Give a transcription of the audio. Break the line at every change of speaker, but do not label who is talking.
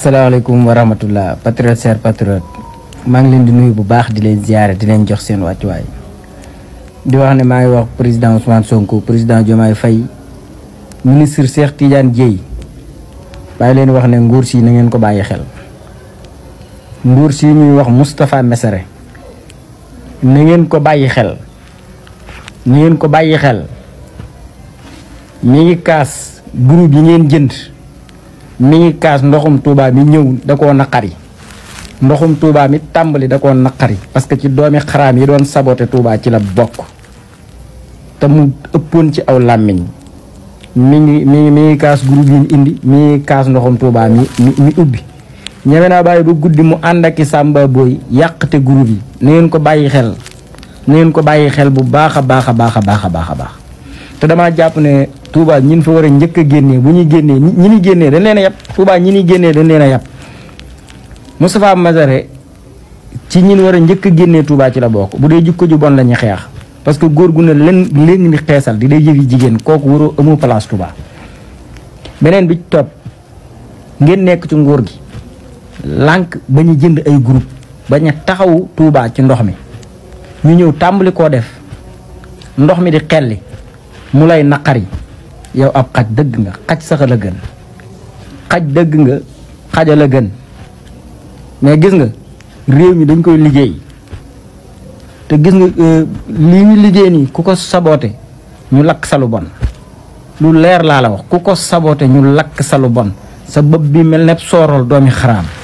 salaamaaleykum wa rahmatullah patriote cher patriote maa ngi leen di nuyu bu baax di leen ziare di leen jox seen wàccuwaay di wax ne maa ngi wax président Ousmane Sonko président Diomaye Faye ministre Cheikh Tidiane Dièye bàyyi leen wax ne nguur si na ngeen ko bàyyi xel nguur si muy wax Moustapha Messere na ngeen ko bàyyi xel na ngeen ko bàyyi xel mi ngi kaas groupe yi ngeen jënd mi ngi kaas ndoxum Touba mi ñëw da koo naqari ndoxum tuubaa mi tàmbali da koo naqari parce que ci doomi xaraam yi doon saboté Touba ci la bokk te mu ëppoon ci aw làmmiñ mi ngi mi ngi mi kaas groupe yi ñu indi mi ngi kaas ndoxum Touba mi mi ubbi ñeme naa bàyyi ba guddi mu ànd ak i sàmba yàq te groupe yi na ngeen ko bàyyi xel na ngeen ko bàyyi xel bu baax a baax a baax a baax a baax a baax te damaa jàpp ne Touba ñin fa war a njëkk a génnee bu ñuy génnee ñi ñi génnee dañ leen a yab Touba ñi ñuy génnee dañ leen a yab Moustapha Mazare ci ñin war a njëkk a génnee Touba ci la bokk bu dee jikko ju bon la ñuy xeex parce que góor gu ne leen leen di xeesal di day jëfi jigéen kooku waroo amoo place Touba beneen bi topp ngeen nekk ci nguur gi lànk ba ñu jënd ay groupe ba ñu taxawu Touba ci ndox mi ñu ñëw tàmbali koo def ndox mi di xelli mu lay naqari yow ab xaj dëgg nga xaj sax gën xaj dëgg nga xaja gën mais gis nga réew mi dañ koy liggéey te gis nga euh, lii ñu liggéey nii ku ko saboote ñu lakk salu bon lu leer laa la wax ku ko saboote ñu lakk salu bon sa bëb bi mel ne soorol doomi xaraam